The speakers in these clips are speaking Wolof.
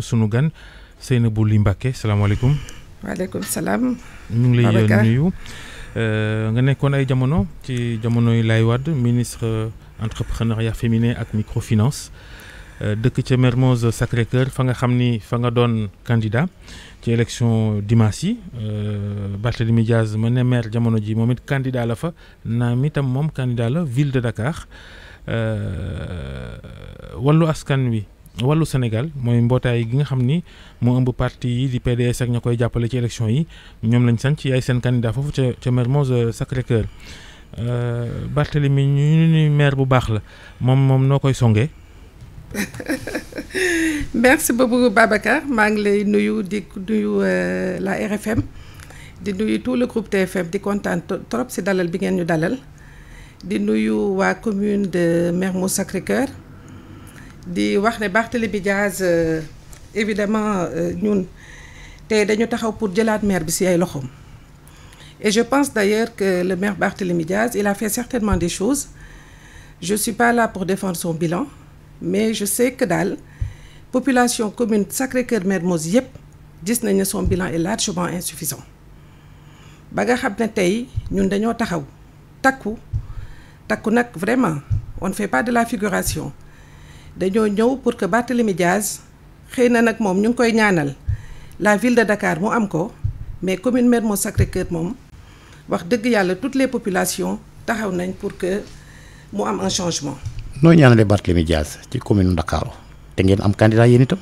2022 sunu gan Seynabou salam Mbacké salaamaaleykum. Wa salam ñu ngi lay euh, nuyu. Euh, nga nekkoon ay jamono ci jamonoy lay Wade ministre euh, entrepreneuriat féminin ak microfinance dëkk ca mermose Sacré-Cœur fa nga xam ni fa nga doon candidat ci élection dimanche euh, Barthélémy Diaz ma ne maire jamono ji moom it candidat la fa naam tam moom candidat la ville de Dakar wàllu askan wi wàllu Sénégal mooy mbootaay gi nga xam ni moo ëmb parti yi di PDS ak ña koy jàppale ci élection yi ñoom lañ sant yaay seen candidat foofu ca ca Mermoz euh, Sacré-Cœur euh, Barthélemy ñu ni maire bu baax la moom moom noo koy songee. merci beaucoup Babacar maa ngi lay nuyu di nuyu euh, la RFM di nuyu tout le groupe TFM di kontaan trop si dalal bi ngeen ñu dalal di nuyu waa commune de Mermoz Sacré-Cœur di wax ne Barthélémy Diaz euh, évidemment euh, ñun té dañu taxaw pour jëlaat maire bi ci ay loxom et je pense d'ailleurs que le maire Barthélémy Diaz il a fait certainement des choses je suis pas là pour défendre son bilan mais je sais que d'Al, population commune Sacré-Cœur Mose yep gis nañ ne son bilan est largement insuffisant ba nga xamné tay ñun dañu taxaw takku takku nak vraiment on ne fait pas de la figuration dañoo ñëw pour que Barthélemy Diaz xëy na nag moom ñu ngi koy ñaanal la ville de Dakar mu am ko mais commune Mermoz Sacré-Cœur moom wax dëgg yàlla toutes les populations taxaw nañ pour que mu am un changement. noo ñaanalee Barthélemy Diaz ci commune Dakar te ngeen am candidat yéen itam.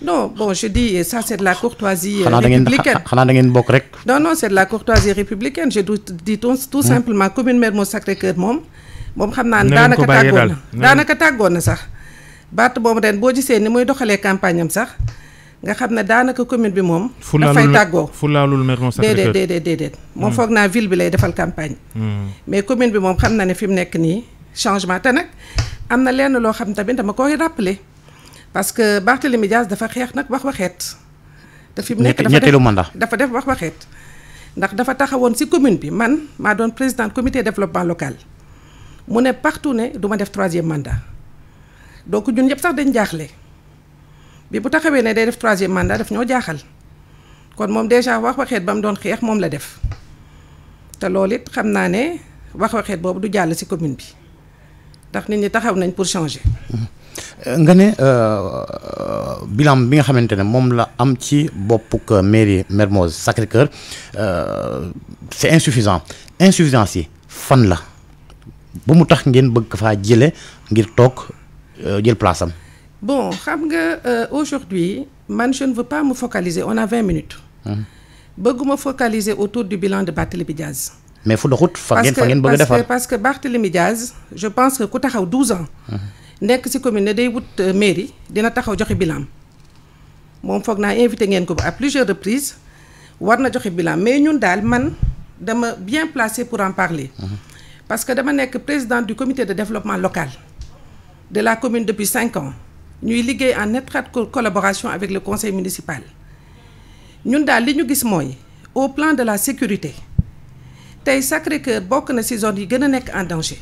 non bon je dis ça c'est de la courtoisie euh, républicaine xanaa da ngeen bokk rek. non non c'est de la courtoisie républicaine je dis tout, tout hmm. simplement commune Mermoz Sacré-Cœur moom moom xam naa ne daanaka tàggoon na daanaka tàggoon na sax baat boobu ren boo gisee ni muy doxalee campagne am sax nga xam ne daanaka commune bi moom dafay tàggoo fulaalul Mermoz Sacré-Cœur déedéet déedéet moom hmm. foog naa ville bi lay defal campagne hmm. mais commune bi moom xam na ne fi mu nekk nii changement te nag am na lenn loo xam tamit dama koy rappeler parce que Barthélémy Dias dafa xeex nag wax waxeet te fi mu nekk ñetteelu mandat dafa def wax waxeet ndax dafa taxawoon si commune bi man maa doon président comité développement local mu ne partout ne du ma troisième mandat donc ñun sax dañ jaaxle bi bu taxawee ne day def troisième mandat daf ñoo jaaxal kon moom déjà wax doon la def te loolu it ne wax waxeet du jàll ci commune bi ndax pour changer. Euh, ne euh, euh, bilan bi nga ne Mermoz Sacré-Cœur c'est insuffisant insuffisant yi fan ba tax ngeen bëgg faa jële ngir toog euh, jël place am. bon xam nga euh, aujourd'hui man je ne veux pas me focaliser on a 20 minutes. Hum. bëgguma focaliser autour du bilan de Barthélémy Diaz. mais fu doxut fa ngeen fa ngeen bëgg a defar parce que Barthélémy Diaz je pense que ku taxaw 12 ans. Hum. nekk ci commune ne day wut euh, mairie dina taxaw joxe bilan moom foog naa invité ngeen ko à plusieurs reprises war na joxe bilan mais ñun daal man dama bien placé pour en parler. Hum parce que je suis président du comité de développement local de la commune depuis 5 ans Nous sommes en étroite collaboration avec le conseil municipal Nous avons au plan de la sécurité tey sacré que bokk na en danger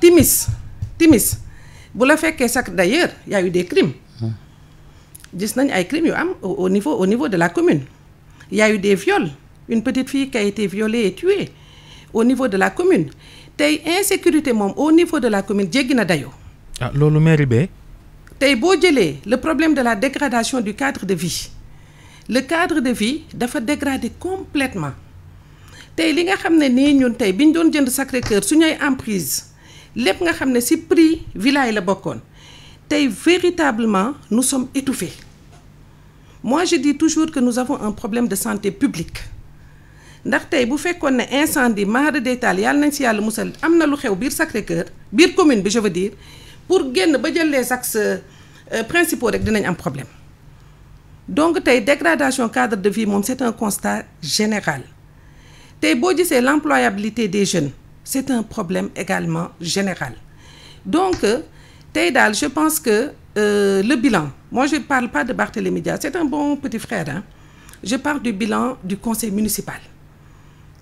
Timis Timis bu d'ailleurs y a eu des crimes gis au niveau au niveau de la commune Il y a eu des viols une petite fille qui a été violée et tuée au niveau de la commune Tay insécurité mom au niveau de la commune djegina dayo ah lolu mairie bee. Tay bo jëlee le problème de la dégradation du cadre de vie le cadre de vie dafa dégradé complètement Tay li nga xamné ni ñun tay biñ doon jënd Sacré-Cœur suñuy emprise lépp nga xamné ci prix villa et la bokone. Tay véritablement nous sommes étouffés moi je dis toujours que nous avons un problème de santé publique ndax tey bu fekkoon ne incendie mahara détail yàlla nañ si yàlla musal am na lu xew biir Sacré Cœur biir commune bi je veux dire pour génn ba jël les axes euh, principaux rek dinañ am problème donc tey dégradation cadre de vie moom c'est un constat général tey boo gisee l'employabilité des jeunes c'est un problème également général donc euh, tey daal je pense que euh, le bilan moi je parle pas de Barthélémy Diaz, c'est un bon petit frère hein je parle du bilan du conseil municipal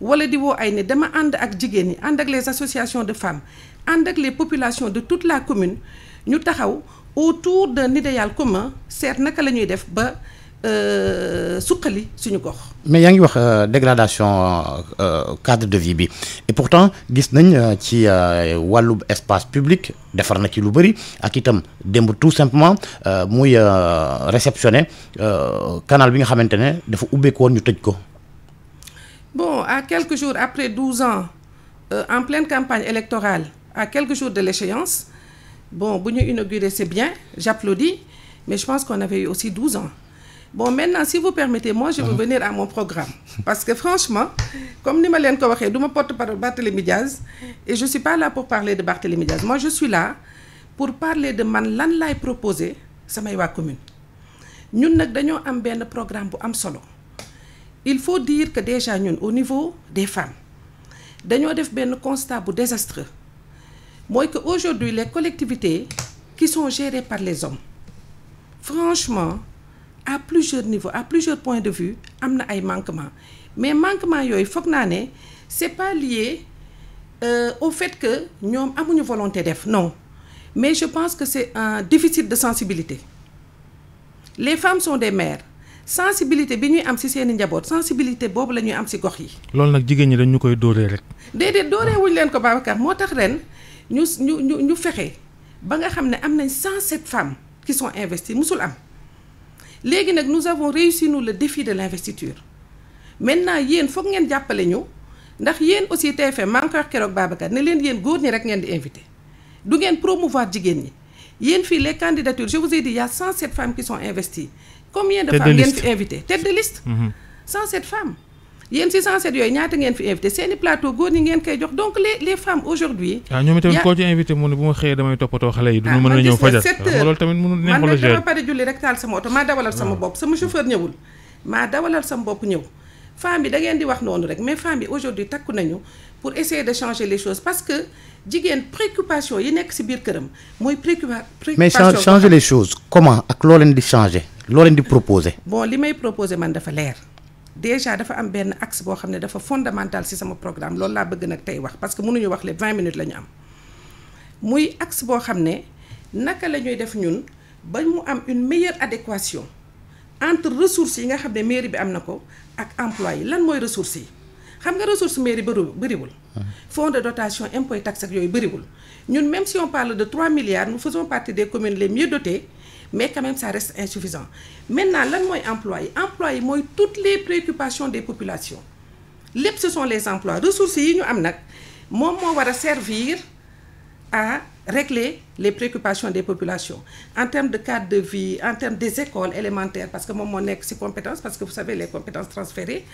wala di woo ay ne dama and ak jigéen ñi ak les associations de femmes and ak les populations de toute la commune ñu taxaw autour d'un idéal commun c'est naka lañuy def ba euh, soukali suñu gox. mais yaa ngi wax euh, dégradation euh, cadre de vie bi et pourtant gis nañ ci wàllu espace public de na ci lu bëri ak itam tout simplement muy réceptionné canal bi nga xamante ne dafa ubbeekoon ñu tëj ko. Bon, à quelques jours après 12 ans, euh, en pleine campagne électorale, à quelques jours de l'échéance, bon, nous inauguré, c'est bien, j'applaudis, mais je pense qu'on avait eu aussi 12 ans. Bon, maintenant, si vous permettez, moi, je veux venir à mon programme. Parce que franchement, comme Nimalène Kouaké, je me porte par Barthélémy Diaz, et je ne suis pas là pour parler de Barthélémy Diaz. Moi, je suis là pour parler de man lan lay proposer samay m'a commune Nous, nous un am programme pour am il faut dire que déjà au niveau des femmes Nous avons un constat désastreux que aujourd'hui les collectivités qui sont gérées par les hommes franchement à plusieurs niveaux à plusieurs points de vue manquement. ay manquements mais manquements yoy c'est pas lié euh, au fait que avons une volonté def non mais je pense que c'est un déficit de sensibilité les femmes sont des mères sensibilité bi ñuy am ci seeni njaboot sensibilité boobu la ñuy am ci gox yi. loolu nag jigéen ñi dañu koy dóoree rek. déedéet dóoree wuñ leen ko Babacar moo tax ren ñu ñu ñu ñu fexe ba nga xam ne am nañ 107 femmes qui sont investies musul am léegi nag nous avons réussi nous le défi de l'investiture maintenant yéen foog ngeen jàppale ñu ndax yéen aussi TFM maa ngi koy wax keroog Babacar ne leen yéen góor ñi rek ngeen di invité du ngeen promouvoir jigéen ñi. Yen fi les candidatures je vous ai dit il y a 107 femmes qui sont investies combien de femmes ngeen fi invité tête de liste 107 mhm. femmes Yen si 107 yooyu ñaata ngeen fi invité seeni plateau goor ni ngeen kay jox donc les les femmes aujourd'hui waaw ah, ñoom itam ko ci invité mu ne bu ma xëyee damay topato xalé yi du ah, mën a ñëw fajal ah, lol tamit mënu neex la gérer man paré julli rek taal sama auto ma dawalal sama bop sama chauffeur ñëwul ma dawalal sama bop ñëw femme bi da ngeen di wax nonu rek mais femme bi aujourd'hui takku nañu pour essayer de changer les choses parce que y préoccupation une préoccupation. ci biir a une préoccupation. mais changer les choses comment ak ce leen di changer Ce leen proposer. bon li may proposer man dafa lair. déjà dafa am benn axe boo un fondamental dans sama programme C'est ce bëgg je veux parce que mënuñu wax les 20 minutes Il ñu am muy axe qui est naka une meilleure adéquation entre les ressources que nga xam mairie bi am na ak emploi lan ressources xam nga ressource mairie bëri bëriwul fonds de dotation impôts et taxes ak yooyu bëriwul ñun même si on parle de 3 milliards nous faisons partie des communes les mieux dotées mais quand même ça reste insuffisant maintenant lan mooy emploi employé emploi mooy toutes les préoccupations des populations lépp ce sont les emplois ressources yi ñu am nag moom moo servir à régler les préoccupations des populations. En termes de cadre de vie, en termes des écoles élémentaires, parce que moi, mon ex compétences, parce que vous savez, les compétences transférées,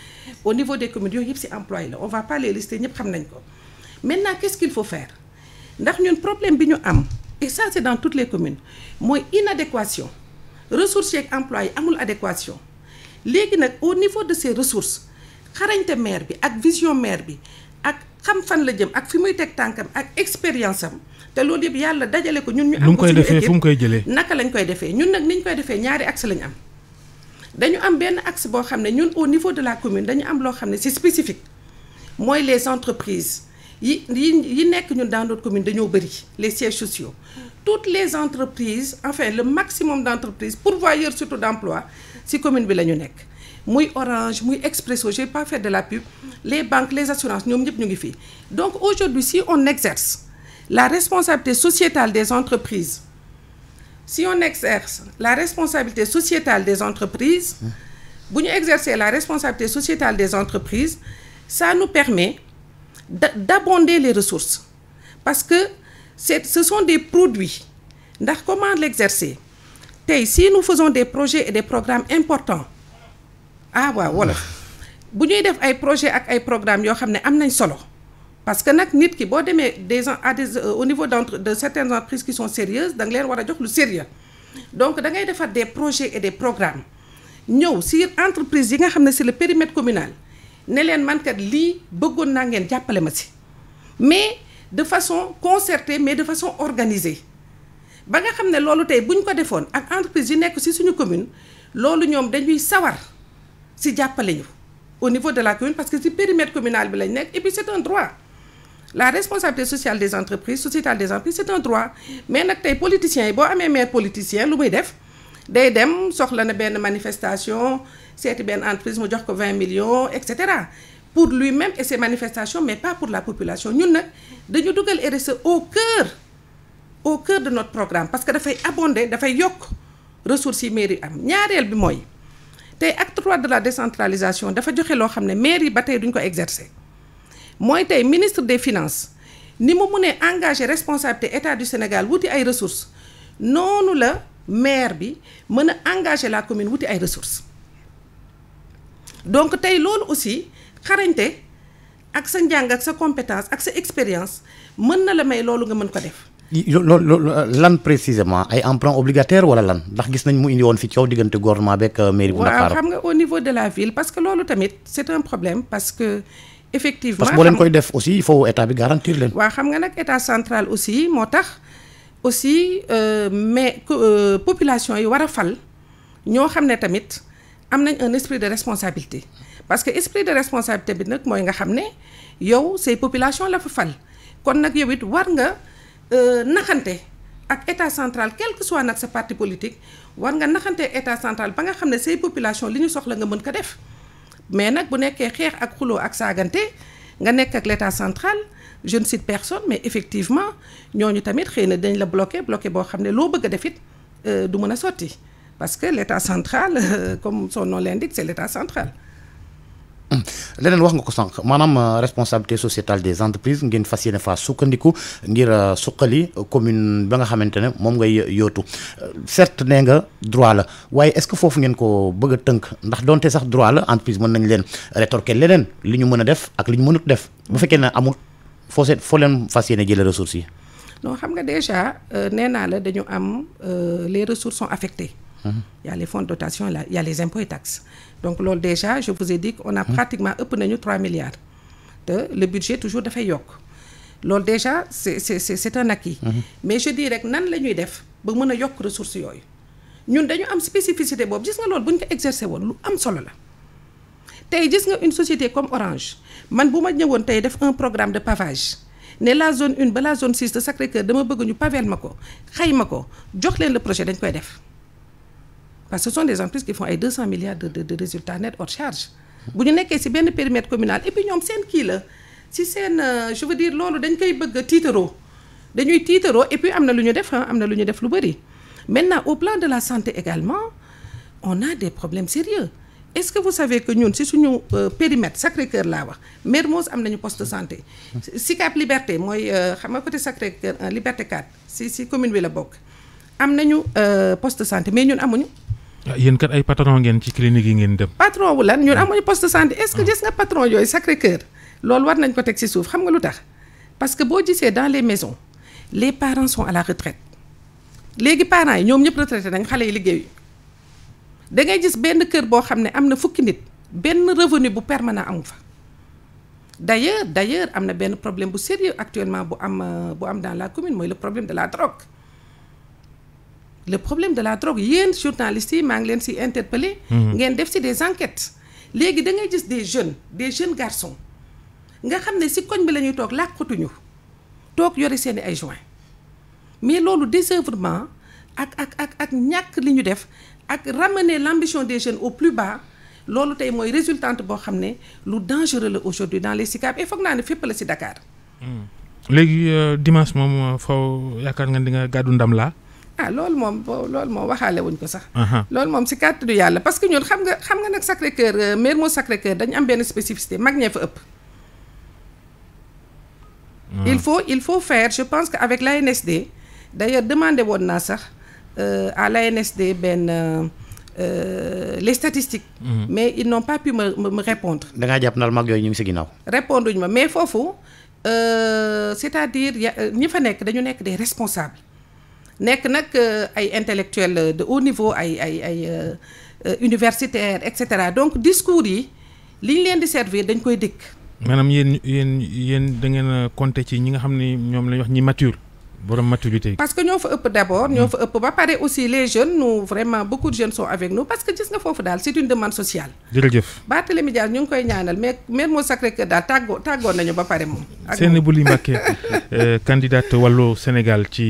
au niveau des communes, c'est employé. On ne va pas les lister. Maintenant, qu'est-ce qu'il faut faire Nous avons un problème, et ça, c'est dans toutes les communes. Moi, inadéquation. Ressources et employés, amul adéquation. au niveau de ces ressources, xarañte maire bi vision maire bi ak xam fan la jëm ak fi muy expérience te loolu yëpp yàlla dajale ko ñun ñu am lu mu koy defee fu mu koy jëlee naka lañ koy defee ñun nag niñ koy defee ñaari axe lañ am dañu am benn axe boo xam ñun au niveau de la commune dañu am loo xam ne c'est spécifique mooy les entreprises yi yi nekk ñun dans notre commune dañoo bëri les sièges sociaux toutes les entreprises enfin le maximum d'entreprises pourvoyeurs surtout d'emploi ci commune bi la ñu nekk muy Orange muy Expresso j'ai pas fait de la pub les banques les assurances ñoom ñëpp ñu ngi fii donc aujourd'hui si on exerce la responsabilité sociétale des entreprises. Si on exerce la responsabilité sociétale des entreprises, vous exercer la responsabilité sociétale des entreprises ça nous permet d'abonder les ressources parce que ce sont des produits ndax comment l'exercer si nous faisons des projets et des programmes importants ah voilà voilà vous def des projets et des programmes qui avons un solo parce que y nit ki bo demee des des euh, au niveau d'entre de certaines entreprises qui sont sérieuses da leen jox lu sérieux donc da ngay defar des projets et des programmes ñëw si entreprise yi nga xamné c'est le périmètre communal ne leen man kat li bëggoon ngeen ma mais de façon concertée mais de façon organisée ba nga xamné lolu tay le ko defoon ak entreprise yi nekk si suñu commune lolu ñom dañuy sawar si jàppale ñu au niveau de la commune parce que le périmètre communal et puis c'est un droit la responsabilité sociale des entreprises sociétale des entreprises c'est un droit mais nag tey politiciens yi boo maire politicien lu muy def day dem soxla na des manifestation seeti une entreprise mu jox 20 millions etc. pour lui-même et ses manifestations mais pas pour la population Nous, devons dañu au cœur au cœur de notre programme parce que faut abonder dafay yokk ressources yi mairie am ñaareel bi mooy acte 3 de la décentralisation dafa joxe loo que les mairie ba tey duñ exercer moi, tey ministre des finances ni mo mune engagé responsabilité état du Sénégal wouti ay ressources nonou la maire bi meuna engager engagé la commune wouti ay ressources donc tay loolu aussi xarañte ak sa njàng ak sa compétence ak sa expérience meuna la may loolu nga meun ko def. lan précisément ay emprunt obligataire wala lan ndax gis nañ mu indi won fi coow diggante gouvernement beeg euh, mairie bu Dakar. xam nga au niveau de la ville parce que loolu tamit c'est un problème parce que. effectivement parce que boo leen def aussi il faut bi garantir leen. waaw xam nga nag état central aussi moo tax aussi euh, mais euh, population yi war a fal ñoo xam ne tamit am nañ un esprit de responsabilité parce que esprit de responsabilité bi nag mooy nga xam ne yow say population la fa fal kon nag yow it war nga euh, naxante ak état central quel que soit nag sa parti politique war nga naxante état central ba nga xam ne say population li ñu soxla nga mën ko def. mais nak bu nekkee xeex ak xulo ak saganté nga nek ak l'état central je ne cite personne mais effectivement ñooñu tamit xëy bloqués. dañ la bloqué bloqué bo xamné qui bëgg def euh, du mëna parce que l'état central comme son nom l'indique c'est l'état central leneen wax nga ko sànq maanaam euh, responsabilité sociétale des entreprises ngeen fas yéene faa sukkandiku ngir euh, suqali commune ba nga xamante ne moom ngay yootu euh, certes nee nga droit la waaye est-ce que foofu ngeen ko bëgg a tënk ndax donte sax droit la entreprise mën nañ leen rétorquer leneen li ñu mën a def ak li ñu mënut def bu fekkee ne amul foo seet foo leen fas yéene jëlee ressources yi. non xam nga déjà nee naa la dañu am les ressources sont affectées. Mhm. il y a les fonds de dotation il y a les impôts et taxes donc loolu déjà je vous ai dit qu'on a hum. pratiquement ëpp 3 milliards te le budget toujours de yokk loolu déjà c'est un acquis hum. mais je dirais que nan les nuits def ba mën a ressources Nous ñun dañu am spécificité bob gis nga loolu bu ñu exercer ou lu am solo une société comme Orange man bu ma ñëwoon def un programme de pavage ne la zone une ba la zone 6 de Sacré-Cœur dama bëgg ñu pavel ma ko xay ma ko jox le projet dañ koy parce que ce sont des entreprises qui font 200 milliards de résultats nets hors charge. Si vous avez un périmètre communal et puis ñoom seen kii Si c'est un... je veux dire loolu dañ koy bëgg a dañuy tiitaroo et puis am na lu def hein, am a def maintenant au plan de la santé également on a des problèmes sérieux est-ce que vous savez que ñun ci suñu euh, périmètre Sacré-Cœur wax Mermoz a nañu poste de santé. Sicap Liberté moi, euh, xam nga côté Sacré-Cœur euh, Liberté 4 c'est ci commune bi la Nous am un poste de santé mais ñun amuñu. Ah, yéen kat ay patron ngeen ci clinique yi ngeen dem. patron wu lan ñun hmm. amuñu poste de santé est-ce que hmm. gis nga patron yooyu Sacré Cœur loolu war nañ ko teg ci suuf xam nga lu tax parce que boo gisee dans les maisons les parents son à la retraite léegi parent yi ñoom ñëpp retraité nañ xale yi liggéey da ngay gis benn kër boo xam ne am na fukki nit benn revenu bu permanent amu fa d'ailleurs d'ailleurs am na benn problème bu sérieux actuellement bu am euh, bu am dans la commune mooy le problème de la drogue. le problème de la drogue yéen journalistes yi maa ngi leen si interpellé. Hmm. ngeen def si des enquêtes. léegi da ngay gis des jeunes des jeunes garçons nga xam ne si koñ bi la ñuy toog làqatuñu toog yore seen i ay joint mais loolu désœuvrement ak ak ak ak ñàkk li ñu def ak ramener l'ambition des jeunes au plus bas. loolu tey mooy résultante boo xam ne lu dangereux la aujourd'hui dans les SICAP et faut naa ne fépp la si Dakar. Hmm. léegi euh, dimanche moom euh, faw yaakaar nga di nga gàddu ndam laa ah loolu moom loolu moom waxaale wuñ ko sax loolu moom si du yàlla parce que ñun xam nga xam nga nag Sacré Cœur euh, Mermoz Sacré Cœur dañu am benn spécificité mag ñee fa ëpp ah. il faut il faut faire je pense que avec l'ANSD d'ailleurs demandé woon naa sax euh, à l'ANSD benn euh, euh, les statistiques. Mm-hmm. mais ils n'ont pas pu me me, répondre. da ngaa jàpp nal mag yooyu ñu ngi si ginnaaw. répondre ma mais foofu euh, c'est-à-dire ñi fa nekk dañu nekk des responsables nek nak euh, ay intellectuel euh, de haut niveau ay ay ay euh, universitaire et cetera donc discours yi liñ leen di servir dañ koy dikk. manam yeen yeen yeen da ngeen a compter ci ñi nga xamni ñom ñoom wax ñi mature. borom maturité parce que ñoo fa ëpp d'abord abord ñoo fa ëpp ba pare aussi les jeunes nous vraiment beaucoup de jeunes sont avec nous parce que gis nga fofu dal c'est une demande sociale. ba télé Dias ñu ngi koy ñaanal mais mais moo sacré que daal tàggoo tàggoon nañu ba pare mom ak Mbacké candidate wallo Sénégal ci.